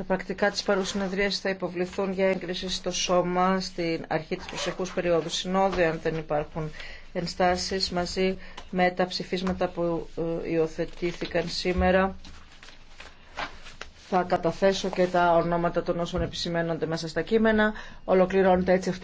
Τα πρακτικά της παρουσυνεδρίας θα υποβληθούν για έγκριση στο σώμα στην αρχή της προσεχούς περίοδου συνόδου, αν δεν υπάρχουν ενστάσεις, μαζί με τα ψηφίσματα που ε, υιοθετήθηκαν σήμερα. Θα καταθέσω και τα ονόματα των όσων επισημένονται μέσα στα κείμενα. Ολοκληρώνεται έτσι αυτή